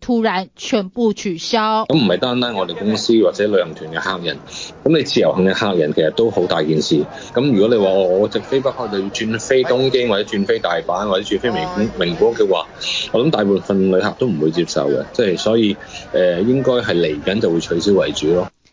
突然全部取消，咁唔係單單我哋公司或者旅行團嘅客人，咁你自由行嘅客人其實都好大件事。咁如果你話我直飛北海就要轉飛東京或者轉飛大阪或者轉飛名古屋嘅話，我諗大部分旅客都唔會接受嘅，即、就、係、是、所以誒、呃、應該係嚟緊就會取消為主咯。